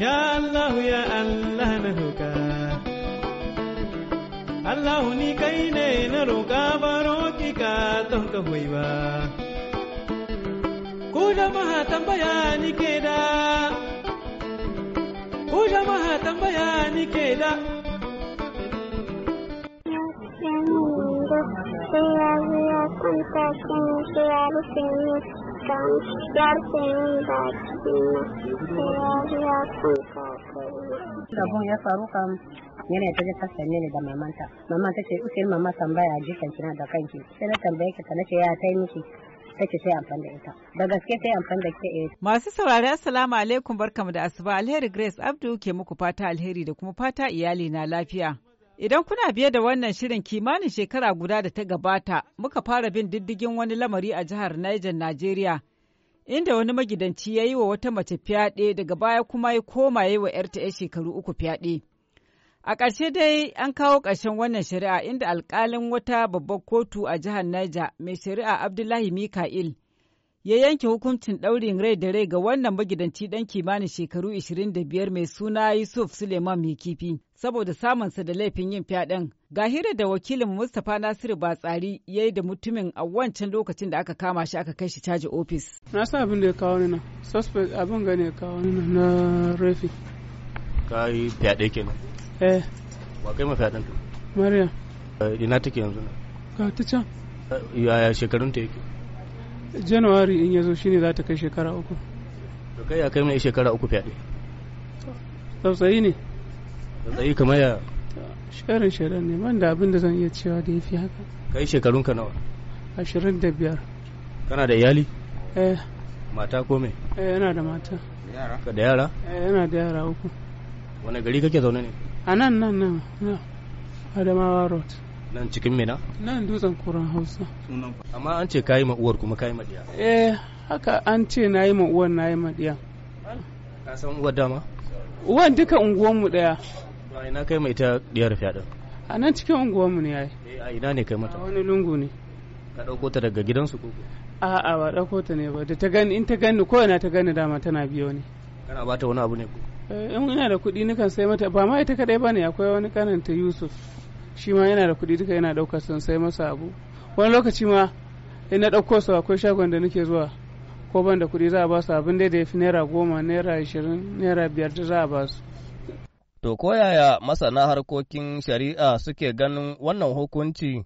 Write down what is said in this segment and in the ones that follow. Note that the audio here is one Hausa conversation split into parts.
Ya Allah ya Allah na roƙa Allah ni kai ne na roƙa baro ki ka don ka hoyi ba Ku jama'a tambaya ni ke da Ku jama'a tambaya ni ke da Sai ya zo ya ya rufe ni don yarfin baki na ya kan ya faru kam yana ta ji kasar ne da mamanta. Mama ta ce usul mama tambaya jikin kina da kanki. Sai na tambaye ki ta nace ya tai miki. take sai amfani da ita da gaske sai amfani da ke eh. masu saurari assalamu alaikum barkamu da asuba alheri grace abdu ke muku fata alheri da kuma fata iyali na lafiya Idan kuna biye da wannan shirin kimanin shekara guda da ta gabata, muka fara bin diddigin wani lamari a jihar Niger, Najeriya, inda wani magidanci ya yi wa wata mace fyaɗe daga baya kuma ya koma yi wa 'yarta 'yar shekaru uku fyaɗe. A ƙarshe dai an kawo ƙarshen wannan shari'a inda alƙalin wata babbar kotu a jihar Niger mai shari'a Abdullahi Mika'il ya yanke hukuncin ɗaurin rai da rai ga wannan magidanci ɗan kimanin shekaru 25 mai suna Yusuf Suleiman mai kifi saboda samunsa da laifin yin fyaɗen. Ga hira da wakilin Mustapha Nasiru Batsari ya yi da mutumin a wancan lokacin da aka kama shi aka kai shi caji ofis. Na sa abin da ya kawo ni na, suspect abin gane ya kawo ni na rafi. Ka yi fyaɗe kenan? Eh. Wa kai ma fyaɗen ta? Maryam. Eh, ina take yanzu na? Ka ta can. Eh, yaya shekarun ta yake? januwari in ya zo shine za ta kai shekara uku da kai ya kai mai shekara uku fyaɗe tsautsayi ne tsautsayi kamar ya sharin sharin ne man da abin da zan iya cewa da ya fi haka kai shekarun ka nawa ashirin da biyar kana da iyali eh mata ko me eh yana da mata ka da yara eh yana da yara uku wani gari kake zaune ne a nan nan nan adamawa road nan cikin mina nan dutsen koran hausa amma an ce kayi ma uwar kuma kayi ma diya eh haka an ce na yi ma uwar na yi ma ka san uwar dama uwar duka unguwanmu daya ba ina kai mai ita diyar fiya a nan cikin unguwanmu ne yayi eh, a ina ne kai mata wani lungu ne ka ɗauko ta daga gidansu ko a'a ba ɗauko ta ne ba da ta gani in ta gani ko ina ta gani dama tana biyo ne kana bata wani abu ne ko eh, in ina da kuɗi nukan sai mata ba ma ita kadai ne akwai wani kananta Yusuf shi ma yana da kuɗi duka yana ɗauka sun sai masa abu wani lokaci ma in na ɗauko su akwai shagon da nake zuwa ko ban da kuɗi za a ba su abin da ya fi naira goma naira ashirin naira biyar da za a ba su. To koyaya masana harkokin shari'a suke ganin wannan hukunci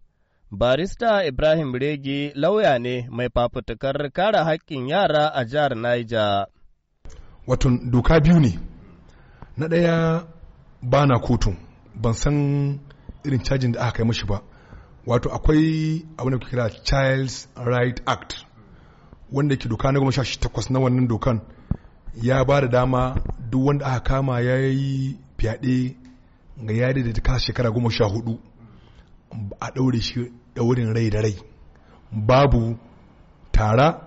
Barista Ibrahim Rege lauya ne mai fafutukar kare hakkin yara a jihar Naija. Wato doka biyu ne, na ɗaya ba na kotun, ban san irin cajin da aka kai mashi ba wato akwai abin da kira child's right act wanda ke doka na goma sha takwas na wannan dokan ya ba da dama duk wanda aka kama ya yi fyaɗe ga yari da ta kasa shekara goma sha hudu a ɗaure shi ɗaurin rai da rai babu tara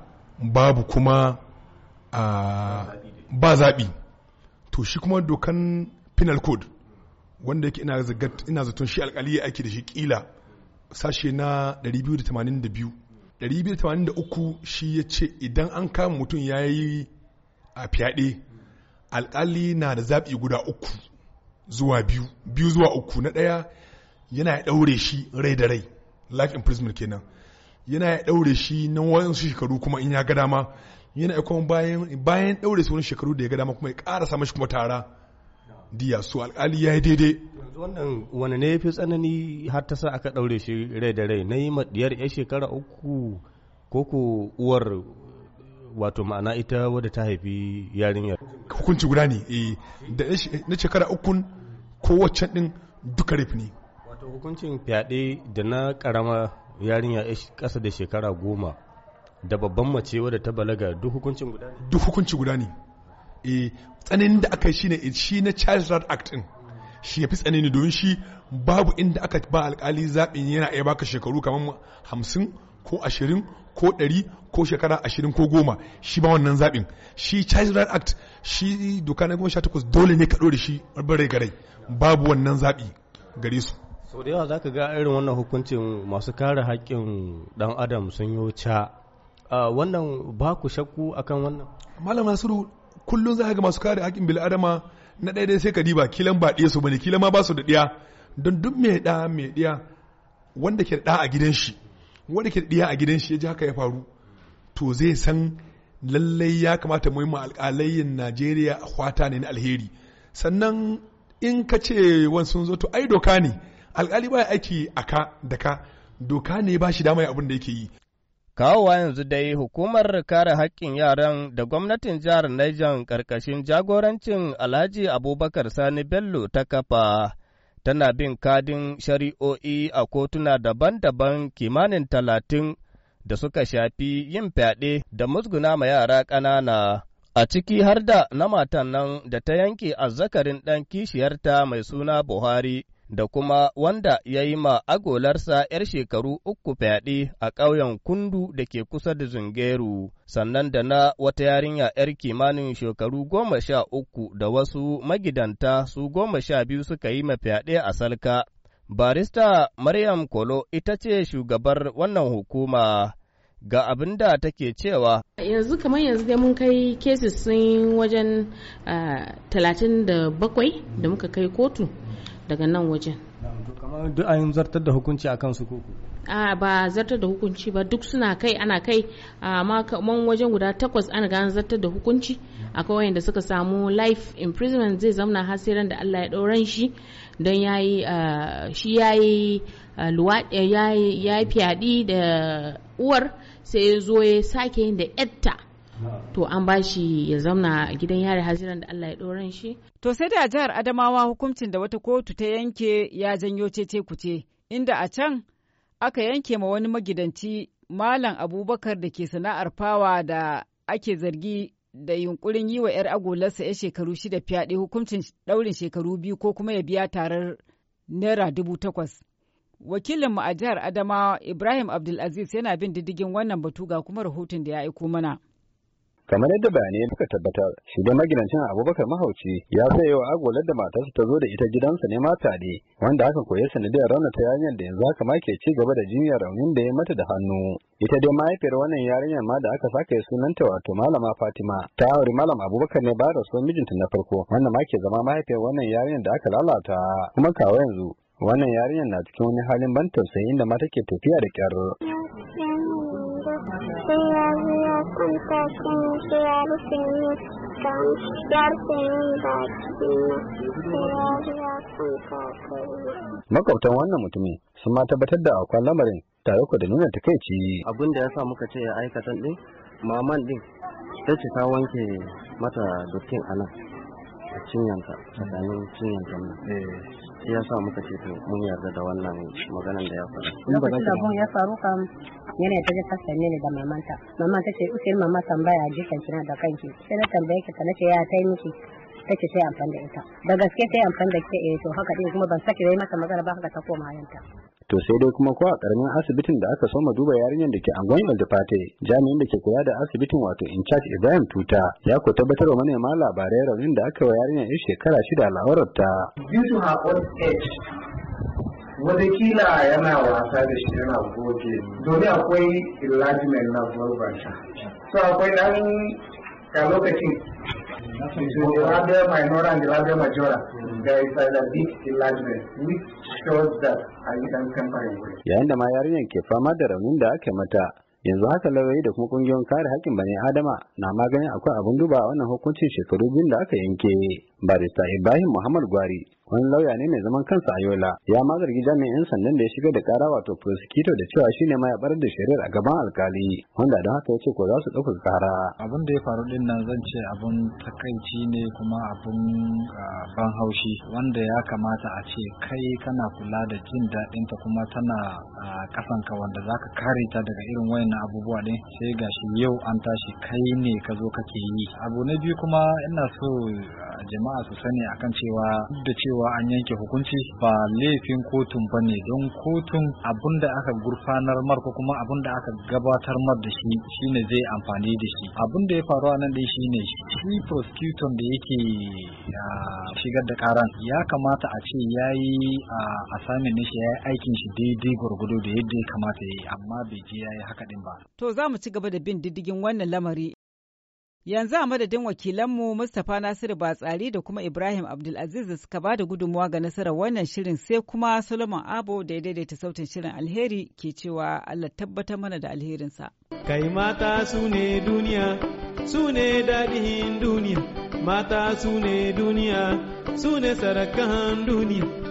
babu kuma ah, ba zaɓi to shi kuma dokan penal code wanda yake ina zaton shi alkali ya aiki da shi kila sashe na 282 283 shi ya ce idan an kama mutum ya yi a fyaɗe alkali na da zaɓi guda uku zuwa biyu biyu zuwa uku na ɗaya yana ya ɗaure shi rai da rai life imprisonment kenan yana ya ɗaure shi na wasu shekaru kuma in ya ga dama yana ya kuma bayan ɗaure su wani shekaru da ya ga dama kuma ya ƙara samun shi kuma tara diya su alkali ya yi daidai wannan wani ne ya fi tsanani har ta sa aka ɗaure shi rai da rai na yi maɗiyar ya shekara uku ko ko uwar wato ma'ana ita wadda ta haifi yarinyar hukunci guda ne eh, da na shekara uku ko wacce ɗin duka rafi ne wato hukuncin fyaɗe da na ƙarama yarinya ƙasa da shekara goma da babban mace wadda ta balaga duk hukuncin guda ne duk hukunci guda ne eh tsananin da aka yi shine shi na Charles Rod Act din shi ya fi tsanani don shi babu inda aka ba alkali zaɓin yana iya baka shekaru kamar hamsin ko ashirin ko ɗari ko shekara ashirin ko goma shi ba wannan zaɓin shi Charles right act shi doka na goma sha takwas dole ne ka ɗore shi ɓarɓare garai babu wannan zaɓi gare su sau da yawa za ka ga irin wannan hukuncin masu kare haƙƙin ɗan adam sun yi wuce wannan ba ku shakku akan wannan malam nasiru kullum za ga masu kare haƙƙin bil'adama na ɗaya dai sai ka diba kilan ba ɗaya su bane kilan ma ba su da ɗaya don duk mai ɗa mai ɗiya wanda ke da a gidan shi wanda ke da a gidan shi ya ji haka ya faru to zai san lallai ya kamata mu yi ma alƙalayin Najeriya a kwata ne na alheri sannan in ka ce wan sun zo to ai doka ne alƙali ba aiki a ka da ka doka ne ba shi dama abin da yake yi Kawowa yanzu dai hukumar kare haƙƙin yaran da gwamnatin jihar Niger ƙarƙashin jagorancin Alhaji Abubakar Sani Bello ta kafa tana bin kadin shari'o'i a kotuna daban-daban kimanin talatin da suka shafi yin fyaɗe da musguna ma yara ƙanana. A ciki har da na matan nan da ta yanke azzakarin ɗan kishiyarta mai suna Buhari. da kuma wanda ya yi ma agolarsa 'yar shekaru uku fyaɗe a ƙauyen Kundu da ke kusa da Zungeru, sannan da na wata yarinya 'yar kimanin shekaru goma sha uku da wasu magidanta su goma sha biyu suka yi ma fyaɗe a Salka. Barista Maryam Kolo ita ce shugabar wannan hukuma. ga abin da take cewa yanzu kamar yanzu dai mun kai cases sun wajen ah, talatin da bakwai da muka kai kotu daga nan wajen kamar duk an zartar da hukunci a su koko a ba zartar da hukunci ba duk suna kai ana kai amma kaman wajen guda takwas ana ga zartar da hukunci a kawai da suka samu life imprisonment zai zamna har da Allah ya ɗauran shi don yayi shi yayi luwaɗi yayi fyaɗi da uwar sai ya zo ya sake yin da yatta to an bashi ya zauna a gidan yari haziran da Allah ya doran shi. To sai da jihar Adamawa hukuncin da wata kotu ta yanke ya janyo cece kuce inda a can aka yanke ma wani magidanci Malam Abubakar da ke sana'ar fawa da ake zargi da yunkurin yi wa 'yar agolarsa ya shekaru shida fyaɗe hukuncin ɗaurin shekaru biyu ko kuma ya biya tarar naira dubu takwas. Wakilinmu a jihar Adamawa Ibrahim Abdulaziz yana bin diddigin wannan batu ga kuma rahoton da ya aiko mana. kamar yadda bayanai suka tabbatar shi da maginancin abubakar mahauci ya sayo agwalar da matarsa ta zo da ita gidansa ne mata ne wanda aka koya sanadiyar rauna ta yanyar da yanzu haka ma ke ci gaba da jinyar raunin da ya mata da hannu ita dai mahaifiyar wannan yarinyar ma da aka saka ya sunanta wato malama fatima ta aure malam abubakar ne ba da mijinta na farko wannan ma ke zama mahaifiyar wannan yarinyar da aka lalata kuma kawo yanzu wannan yarinyar na cikin wani halin ban tausayi inda ma ke tafiya da kyar kunta sun sayar sanyi kan yar sanyi ba cikin Makwabtan wannan mutumin sun ma tabbatar da akwai lamarin tare ku da nuna takaici. Abin da ya sa muka ce ya aikatan din, maman din ta ce ta wanke mata dottin a nan a cinyanta, tsakanin cinyanta nan. Eh. ya sa muka ce to mun yarda da wannan maganan da ya faru lokacin da abun ya faru kam yana ta ji same ne da mamanta mamanta ta ce usai mama tambaya jikan kina da kanki sai na tambaye ki ta nace ya tai miki take sai amfani da ita da gaske sai amfani da ke eh, to haka din kuma ban sake dai mata magana ba haka ta koma yanta to sai dai kuma ko a karamin asibitin da aka soma duba yarinyar da ke angon Eldefate jami'in da ke kula da asibitin wato in charge Ibrahim Tuta ya ko tabbatar wa manema labarai raunin da aka wa yarinyar yan shekara shida la'aurar ta due to yana wasa da shi yana goge domin akwai enlargement na vulva so akwai dan a lokacin between the Rabia minor and the majora, major, there is a big enlargement which shows that I can temporary. Yayin da ma yarinyar ke fama da raunin da aka mata yanzu haka lauyoyi da kuma kungiyoyin kare haƙƙin bani adama na maganin akwai abun duba wannan hukuncin shekaru biyu da aka yanke barista ibrahim muhammad gwari wani lauya ne mai zaman kansa a yola ya ma zargi jami'in sandan da ya shiga da kara wato prosecutor da cewa shine ma ya barar da shari'ar a gaban alkali wanda don haka ya ce ko za su ɗauka kara abin da ya faru din nan zan ce abin takaici ne kuma abin ban haushi wanda ya kamata a ce kai kana kula da jin daɗin ta kuma tana kasan ka wanda za ka kare ta daga irin wayannan abubuwa ne sai gashi yau an tashi kai ne ka zo kake yi abu na biyu kuma ina so jama'a jama'a su sani akan cewa duk da cewa an yanke hukunci ba laifin kotun ba ne don kotun abun da aka gurfanar mar ko kuma abun da aka gabatar mar da shi shine zai amfani da shi abun da ya faru a nan dai shine shi prosecutor da yake shigar da karan ya kamata a ce yayi yi asamin ne shi yayi aikin shi daidai gurgudu da yadda ya kamata ya yi amma bai je yayi haka din ba. To za mu ci gaba da bin diddigin wannan lamari Yanzu a madadin wakilanmu Mustapha Nasiru Batsari da kuma Ibrahim Abdulaziz da suka da gudunmawa ga nasarar wannan shirin sai kuma Solomon Abo da ya daidaita sautin shirin alheri ke cewa Allah tabbatar mana da alherinsa. Kai mata su ne duniya, su ne daɗin duniya, mata su ne duniya, su ne sarakan duniya.